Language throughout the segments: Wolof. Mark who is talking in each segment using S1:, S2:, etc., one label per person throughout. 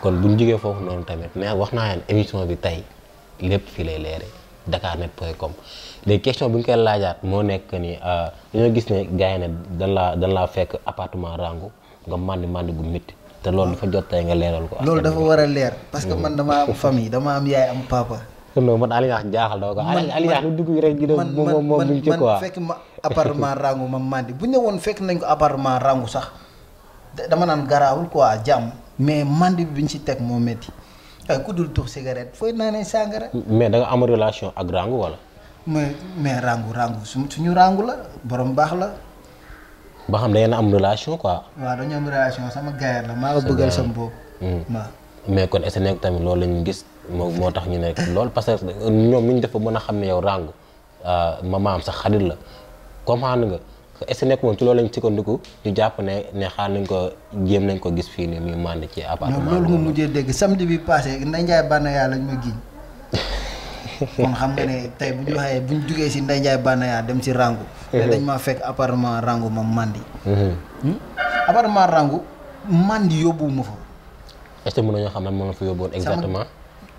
S1: kon bu ñu jógee foofu noonu tamit mais wax naa leen émission bi tey lépp fii lay leere dakarnet.com léegi question bu ñu koy laajaat moo nekk ni euh, dañoo gis ne gars yi ne dan laa dan laa fekk appartement rangu nga màndi màndi gu métti te loolu dafa jot tey nga leeral
S2: ko. loolu dafa war a leer parce que man dama am famille dama am yaay am papa. non man Aliou Niakh jaaxal na ko. man Aliou lu dugg rek. man man fekk ma appartement rangu ma màndi bu ñu ne woon fekk nañ ko appartement rangu sax dama naan garaawul quoi jàmm. mais mandi bi ñu ci teg moo métti waaye ah, ku dul tux cigarette naa ne sàngara. mais
S1: da am relation ak rangu wala.
S2: mais mais rangu su suñu rangu la borom baax la.
S1: ba xam ne na am relation quoi.
S2: waaw dañu am relation sama gaayar la maa ko bëggal sama bopp. Hmm. waaw
S1: mais kon est nekk tamit loolu lañu gis moo moo tax ñu nekk loolu parce que ñoom ñu dafa mën a xam ne yow rangu ah, mamaam sa xarit la comprendre nga. est ce que nekk moom ci loolu lañ sukkandiku ñu jàpp ne ne xaar nañ ko jéem nañ ko gis fii nii muy mànd ci appartement loolu nga
S2: mujjee dégg samedi bi passé Ndeye Ndiaye Banaya lañ ma giñ kon xam nga ne tey bu ñu waxee bu ñu jugee si Ndeye Ndiaye Banaya dem si Rangou te mhm. dañ maa fekk appartement Rangou ma màndi mhm. hmm? appartement Rangou màndi yóbbuwuma fa
S1: est ce xam lan moo fa yóbboon exactement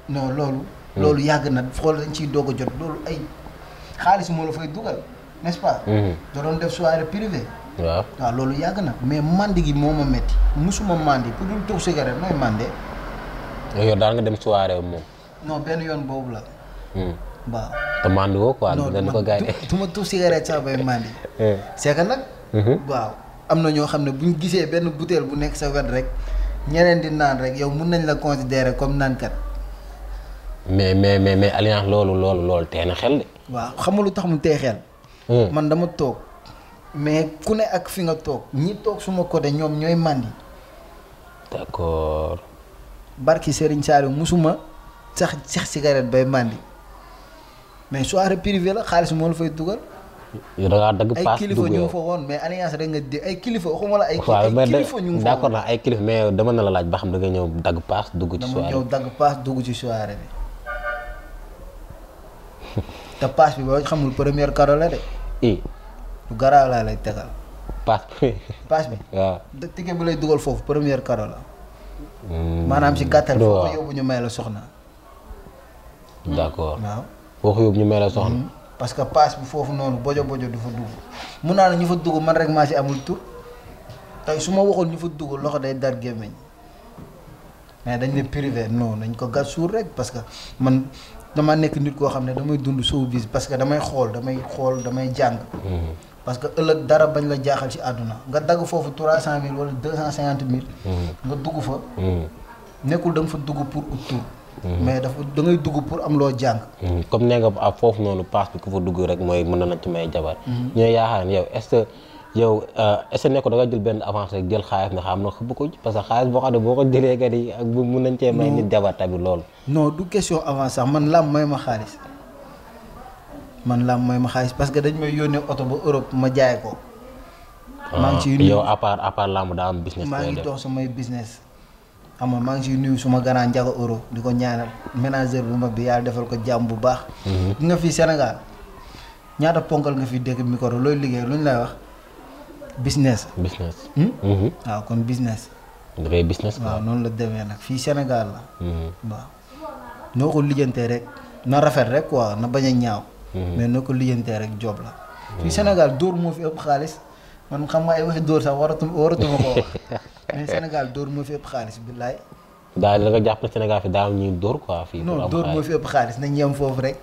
S2: non loolu hmm. loolu yàgg na xool dañ ciy doog jot loolu ay xaalis moo la fay dugal n'est-ce pas. Mhm. da doon def soirée privée. waaw waaw loolu yàgg na. mais mandi gi moo ma métti musuma mandi pour dul tux cigarette may mandé.
S1: yow daan nga dem soirée moom.
S2: non benn yoon boobu la. Hmm. waaw
S1: te mandi woo quoi. dañ ko gaañ
S2: du ma tux cigarette sax bay mandi. Hmm. c'est que nag. Mhm. waaw am na ñoo xam ne bu ñu gisee benn bouteille bu nekk sa wet rek ñeneen di naan rek yow mun nañ la considérer comme naankat.
S1: mais mais mais mais alliance loolu loolu loolu tee na xel de.
S2: waaw xam lu tax mu tee Hmm. man dama toog mais ku ne ak fi nga toog ñi toog suma côté ñoom ñooy màndi d'accord barki Serigne Saliou musuma sax sax cigarette bay màndi mais soirée privée la xaalis moo la fay dugal. yow da ngaa dagg paas ay kilifa ñu fa woon mais na
S1: ay kilifa dama na la laaj ba xam da nga ñëw dagg paas dugg ci soirée
S2: dagg paas dugg ci soirée bi. te paas bi boo xamul première karo la de. lu garaaw laa lay tegal. paas bi. paas bi waaw. ticket bu lay dugal foofu première karo la.
S1: Hmm. maanaam si gàttal. foo ko
S2: yóbbu soxna. d' accord waaw.
S1: foo ñu may la soxna.
S2: Hmm. parce que paas bi foofu noonu bojo bojo du fa dugg mun naa ne ñu fa dugg man rek maa si amul tur te su ma waxoon ñu fa dugg loxo day dar gémmiñ mais dañ ne privé non nañ ko gas suur rek parce que man dama nekk nit koo xam ne damay dund showbiz parce que damay xool damay xool damay jàng. Mhm. parce que ëllëg dara bañ la jaaxal ci àdduna nga dagg foofu trois cent mille wala deux cent cinquante mille. Mhm. nga dugg fa. Mhm. nekkul da fa dugg pour ut mais dafa da ngay dugg pour am loo jàng.
S1: comme nee nga ah, foofu noonu paas bi ku fa dugg rek mooy mën na ci may jabar. ñooy yaakaar yow est-ce yow euh, est ko da nga benn avance rek jël xaalis xam na xëpp parce que xaalis boo xam ne boo ko jëlee kat yi ak bu mun nañ cee may nit loolu
S2: non du question avance sax man lam may ma xaalis man lam may ma xaalis parce que dañ may yónnee oto ba Europe ma jaay ko maa ngi ciy ah, nuyu yow à
S1: part à part lamb ngi dox
S2: samay business xam nga maa ngi ciy nuyu suma grand njaga euro di ko ñaanal ménageur bu mag bi yàlla defal ko jàmm bu baax mhm. nga fii Sénégal ñaata ponkal nga fi dégg micro looy liggéey luñ lay wax business. business. Hmm? Mm-hmm. waaw kon business. dafay business quoi waaw noonu la demee nag fii Sénégal la. Mm-hmm. waaw noo ko lijjantee rek na rafet rek quoi na bañ a ñaaw.
S1: Mm-hmm. mais
S2: noo ko lijjantee rek job la. fii Sénégal dóor moo fi ëpp xaalis man xam nga ay waxi dóor sax waratu waratuma ko wax mais Sénégal dóor moo fi ëpp xaalis billaay.
S1: daal da nga jàpp ne Sénégal fi daal ñuy dóor quoi. fii non dóor moo
S2: fi ëpp xaalis nañ yem foofu rek.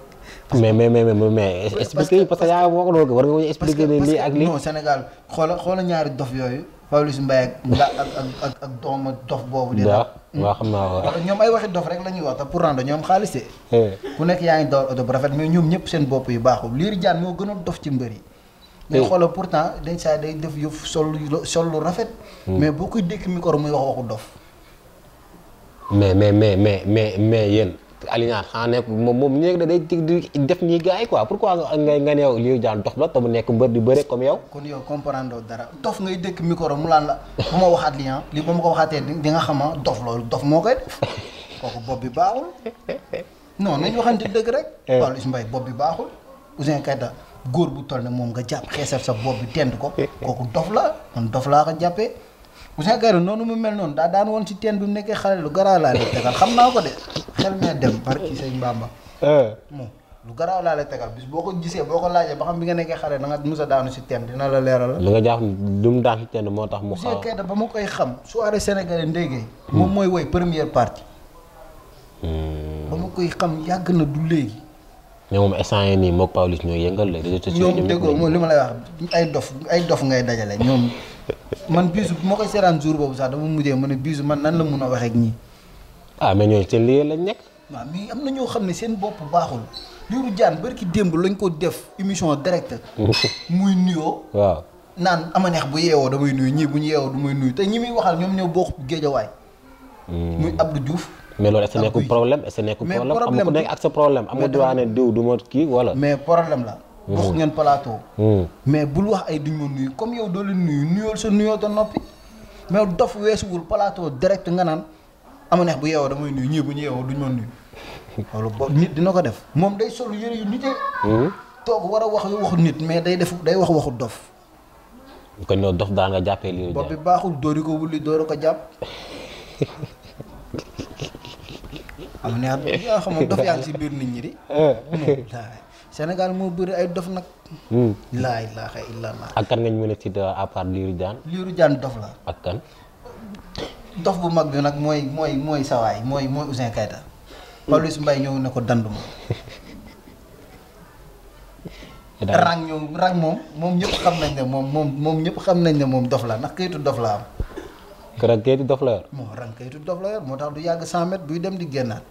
S1: mais mais mais mais expliquer
S2: parce que yaa boo ko doon war nga ko expliquer ne lii ak lii. non Sénégal xoola xoola ñaari dof yooyu. Pawlish Mbaye ak ak ak ak doomu dof boobu. di la hmm. waaw xam naa waaw. ñoom ay waxi dof rek la ñuy wax te pour rendre ñoom xaalis eh. ku nekk yaa ngi dawal oto bu rafet mais ñoom ñëpp seen bopp yu baaxul Lirou Diane moo gën a dof ci mbër yi. mais eh. xoolal pourtant dañ saa day def yëf sol sol lu rafet. Hmm. mais boo koy dékk micro muy wax waxu dof.
S1: mais mais mais mais mais yéen. Alioune xanaa ah, nekk moom moom ñu ne day def nii gars yi quoi pourquoi nga nga neew Liiru Jaan dof la te mu nekk mbër di bëre comme
S2: yow. kon yow comprendre dara dof ngay dëkk micro mu laan la bu ma waxaat lii ah lii ba ma ko waxaatee di nga xam ah, dof loolu dof moo kooku bopp bi baaxul non nañu waxante dëgg rek. Pawlish eh. Mbaye bopp bi baaxul Ouzin Keita góor bu toll ne moom nga jàpp xeesal sa bopp bi tent ko kooku dof la man dof laa ko jàppee Ouzin Keita noonu mu mel noonu daa daan woon ci teen bi mu nekkee xale lu garaa laa tegal xam naa ko de. xel mee dem barki sëñ Bamba eh. moom lu garaaw laa lay tegal bis boo ko gisee boo ko laajee ba xam bi nga nekkee xale da nga mus a daanu si teen dina
S1: la leeral li nga jaax lu mu daan si teen moo tax mu xaw kay
S2: da ba ma koy xam soirée sénégalais ndéggéey hmm. moom mooy woy première partie hmm. ba ma koy xam yàgg na du léegi
S1: mais moom instant yii nii moog Pawlish ñooy yëngal les réseaux sociaux ñoom déggoo moom li
S2: ma lay wax ay dof ay dof ngay dajale ñoom man biisu bu ma koy seeraan jour boobu sax dama mujjee ma ne biisu man nan la mun a waxee ak ñii ah mais ñoo xam ne seen bopp baaxul Lirou Diane barki démb lañ ko def émission directe. muy nuyoo. waaw naan ama neex bu yeewoo damay nuyu ñii bu ñu yeewoo du may nuyu te ñi muy waxal ñoom ñoo bokk géejawaay. Hmm. muy Abdou Diouf.
S1: mais loolu est ce nekkul problème est ce nekkul problème am na ku nekk ak sa problème am ma
S2: kii wala. mais problème la. Hmm. bokk ngeen plateau. Hmm. mais bul wax ay duñ ma nuyu comme yow doo leen nuyu nuyool sa nuyoo te noppi mais dof weesuwul plateau direct nga naan. ama neex bu yeewoo damay nuyu ñii bu ñu yeewoo duñ ma nuyu boobu nit dina ko def moom day sol yëre yu nitee hmm? toog war a wax waxu nit mais day def day wax waxu dof
S1: kon ñoo dof jàppee lii bopp
S2: bi baaxul dóori ko wulli ko jàpp am neex yaa xam dof yaa ngi si biir nit ñi di hmm. Sénégal moo bëri ay dof nag. Hmm. laa ilaaha illallaah.
S1: ak kan nga ñu mën a citer à part Lirou Diane.
S2: Lirou dof la. ak dox bu mag bi nag mooy mooy mooy sawaay mooy mooy Ouzin Keita Pawlish Mbaye ñëw na ko danduma rang ñoom rang moom moom ñëpp xam nañ ne moom moom moom ñëpp xam nañ ne moom dof la ndax kayitu dof la am.
S1: que rang kayitu dof la yor.
S2: moo rang kayitu moo tax du yàgg samet buy dem di génnaat.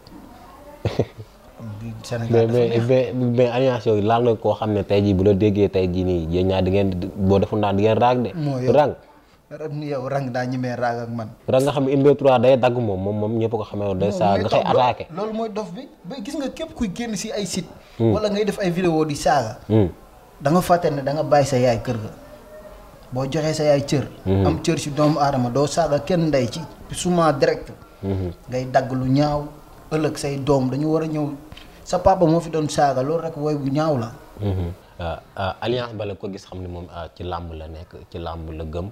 S1: Sénégal mais mais mais laal na koo xam ne tey jii bu la déggee tey jii nii yéen ñaar di ngeen boo defoon naan di ngeen rang de. moo yor rang.
S2: yow rang daa ñemee raag ak man. rang nga xam
S1: ne une deux trois day dagg moom moom moom ñëpp ko xamee day saa nga koy attaqué.
S2: loolu mooy dof bi ba gis nga képp kuy génn si ay site. Hmm. wala ngay def ay vidéo di saaga. Hmm. da nga fàtte ne da nga bàyyi sa yaay kër ga. boo joxee sa yaay cër. Hmm. am cër si doomu aadama doo saaga kenn ndey ci souvent direct. ngay dagg lu ñaaw ëllëg say doom dañu war a ñëw sa papa moo fi doon saaga loolu rek woy bu ñaaw la.
S1: Ah, ah, alliance bala ko gis xam ne moom ah, ci làmb la nekk ci làmb la gëm.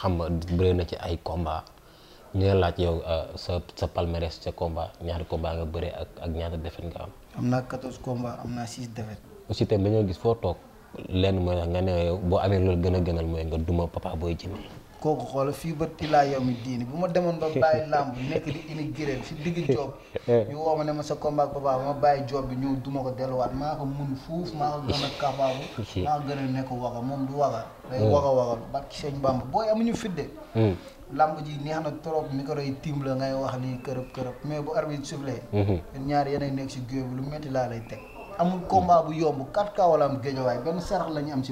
S1: xam nga bëre na ci ay combat ñu ne laaj yow euh, sa sa palmarès sa combat ñaari combat nga bëre ak ak ñaata défaite nga am.
S2: am naa 14 combats am naa 6 défaites.
S1: aussi tamit dañoo gis foo toog lenn mooy nga ne yow boo amee loolu gën a gënal mooy nga duma Papa booy Djiné.
S2: kooku xoola fii ba tilaa yow mi diini bu ma demoon ba bàyyi làmb nekk di ini giréel si digg joob ñu woo ma ne ma sa combat papa ba ma bàyyi joob bi ñëw duma ko delluwaat maa ko mun fuuf maa ko gën a kapaabu maa ko gën a nekk waga moom du waga day mm. waga waga barki sëñ Bamba booy amuñu fidde mm. làmb ji neex na trop micro yi tiim la ngay wax lii kërëb kërëb mais bu arbitre soufflé mm-hmm. ñaar yéenay nekk si géew bi lu metti laa lay teg amul combat bu yomb 4 kaw wala am géejawaay la ñu am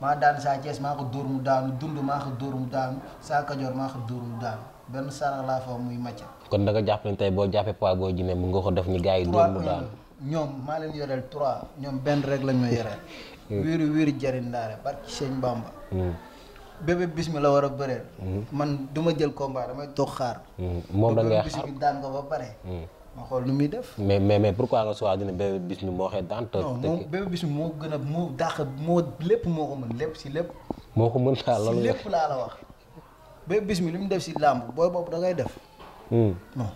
S2: maa daan saa Thiès maa ko dóor mu daanu dund maa ko dóor mu daanu saa Kajoor maa ko dóor mu daanu benn sarax laa fa muy macca
S1: kon da nga jàpp ne tey boo jàppee poids boo jine mu nga ko def ñu gars yi dóor mu daanu
S2: ñoom maa leen yoreel trois ñoom benn rek lañ ma yoreel wiiri wiiri jariñ ndaare barki sëñ Bamba hmm. bébé bismi la war a bëreel hmm. man duma ma jël combat damay toog xaar hmm. moom la ngay xaar daan ko ba pare ma xool nu muy def.
S1: mais mais mais pourquoi nga choisir ne bébé Bismi moo xee daan. te
S2: moo gën a moo dàq moo lépp moo ko lépp si lépp.
S1: moo ko mën daal loolu si lépp
S2: laa la mu def si làmb booy bopp dangay def. Hmm. non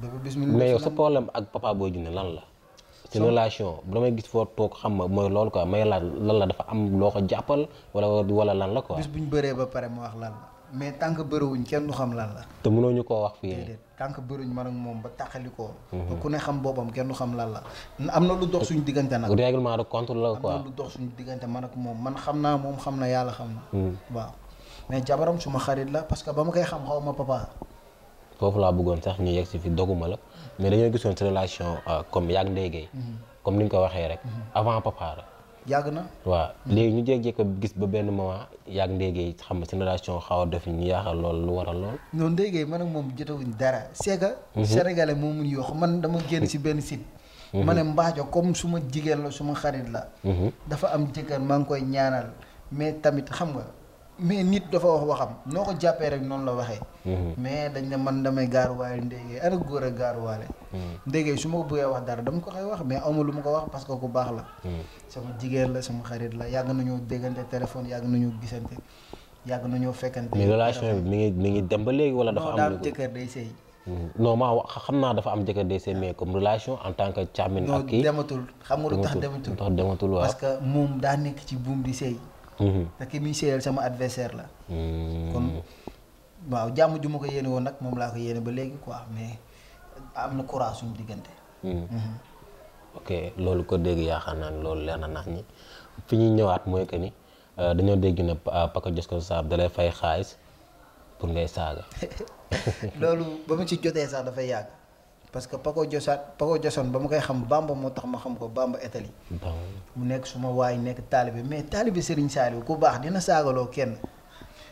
S2: bébé mais yow sa problème ak papa
S1: Boy Djiné lan la. seen relation damay gis foo toog xam ma mooy loolu quoi may lan la dafa am loo ko jàppal wala wala lan la quoi.
S2: bis bu ñu bëree ba pare ma wax lan la. mais tànk bëriwuñ kenn du xam lan la.
S1: te mënoo ñu koo wax fii. déedéet
S2: tànk bëriwuñ man ak moom ba taxali ko. Mhm. ku ne xam boppam kenn du xam lan la. am na lu dox suñu diggante nag. règlement de compte la am lu dox suñu diggante man ak moom man xam naa moom xam na yàlla xam na. Mhm. waaw mais jabaram suma xarit la parce que ba ma koy xam xaw ma papa.
S1: foofu laa bëggoon sax ñu yegg si fi doguma la mais dañoo gisoon sa relation euh, comme yaa ngi mhm. comme ni nga ko waxee rek. avant papa yàgg na waaw léegi ñu jékki-jékki gis ba benn moment yàgg ndéegéey xam nga génération xaw a def ñu yaakaar lool lu waral
S2: lool non ndéegéey man ak moom jotewuñ dara c'est que mhm. sénégalais moo mun yoox man dama génn si benn site mhm. ma ne mbaajo comme su ma jigéen la su ma xarit la mhm. dafa am jëkkër maa ngi koy ñaanal mais tamit xam nga mais nit dafa wax waxam noo ko jàppee rek noonu la waxee. Mhm. mais dañ ne man damay gaaruwaale ndéggee ana góor a gaaruwaale. Mhm. ndéggee su ma ko bëggee wax dara dama ko koy wax mais amul lu ma ko wax parce que ku baax la. Mhm. sama jigéen la sama xarit la yàgg nañoo déggante téléphone yàgg nañoo gisante yàgg nañoo fekkante. mais relation
S1: bi mi ngi mi ngi dem ba léegi wala dafa am. daal
S2: jëkkër day sëy.
S1: non maa xam naa dafa am jëkkër day sëy mais comme relation en tant que càmmin ak kii. dematul xam nga lu tax dematul. parce
S2: que moom daa nekk ci buum di sëy Mm-hmm. te ki muy séyal sama adversaire la. Mm-hmm. kon waaw jàmm ju ma ko yéenewoon nag moom laa ko yéene ba léegi quoi am na courage diggante.
S1: Mm-hmm. ok loolu ko dégg yaakaar naa ne loolu leer na ñi fi ñuy ñëwaat mooy que ni euh, dañoo dégg ne Paka euh, Jos ko Saab dalay fay xaalis pour ngay saaga.
S2: loolu ba mu ci jotee sax dafay yàgg. parce que Paco Josaat Paco Joson ba ma koy xam Bamba moo tax ma xam ko Bamba Itali mu nekk suma waay nekk taalibe mais taalibe Serigne Saliou ku baax dina saagaloo kenn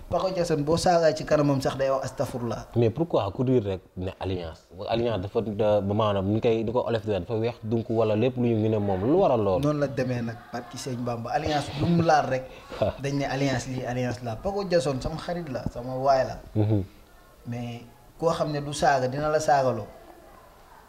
S2: Paco Joson boo saagaa sax day wax astafurlaa.
S1: mais pourquoi ku dir rek ne alliance alliance dafa ba maanaam ñu koy di ko olof dafa weex donc wala lépp lu ñu ne moom lu waral lool. noonu
S2: la demee nag barki sëñ Bamba alliance lu mu laal rek. la Paco Joson sama xarit la sama waay la. Mhm. mais koo xam ne du dina la saagaloo.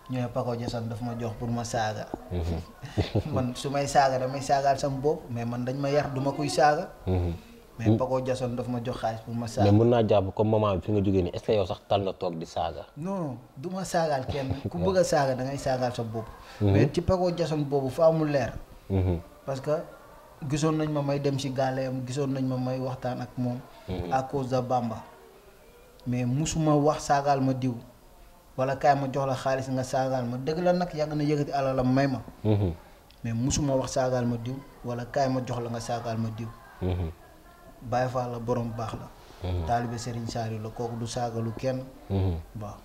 S2: ñu ne Paco Jason daf ma jox pour ma saaga. Mhm. man su may saaga damay saagaal sama bopp mais man dañ ma yar du ma kuy saaga.
S1: Mhm. mais mm. Paco
S2: Jason dafa ma jox xaalis bu ma saaga. mais
S1: naa jàpp comme moment bi fi jógee nii est ce que yow sax toog di saaga.
S2: non du ma saagaal kenn ku bëgg a saaga da ngay saagaal sa bopp. Mhm. mais ci Paco boobu fa amul leer. parce que gisoon nañ ma may dem si gàllayam gisoon nañ ma may waxtaan ak moom. à cause wax saagaal ma diw. wala kaay ma jox la xaalis nga saagaal ma dëgg la nag yàgg na yëkkati alalam may ma. Mhm. mais musuma wax saagaal ma diw wala kaay ma jox la nga saagaal ma diw. Mhm. Baay Faal la borom baax la. Mhm. taalibe Serigne Saliou la kooku du saagalu kenn. waaw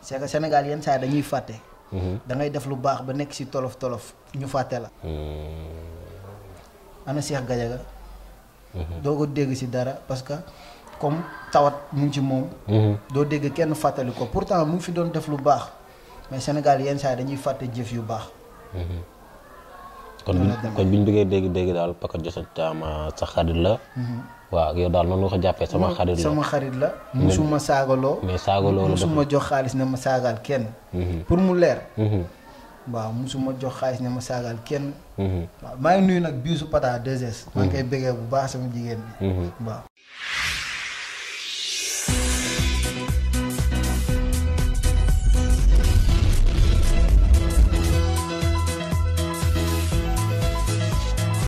S2: c'est que Sénégal yenn saa dañuy fàtte. da def lu baax ba nekk ci tolof tolof ñu fàtte la. ana Cheikh Gadiaga doo ko dégg ci dara parce comme tawat mu ci moom. Mhm. doo dégg kenn fàttali ko pourtant mu ngi fi doon def lu baax mais Sénégal yenn saa yi dañuy fàtte jëf yu baax.
S1: Mhm. kon kon bi ñu bëggee dégg-dégg daal Paka Diassou Thiam sa xarit la. Mhm. waaw yow daal noonu nga ko jàppee sama xarit la sama
S2: xarit la musuma saagaloo mais saagaloo la musuma jox xaalis ne ma saagal kenn pour mu leer waaw musuma jox xaalis ne ma saagaal kenn waaw maa ngi nuyu nag biisu pata 2 maa ngi koy bëggee bu baax sama jigéen bi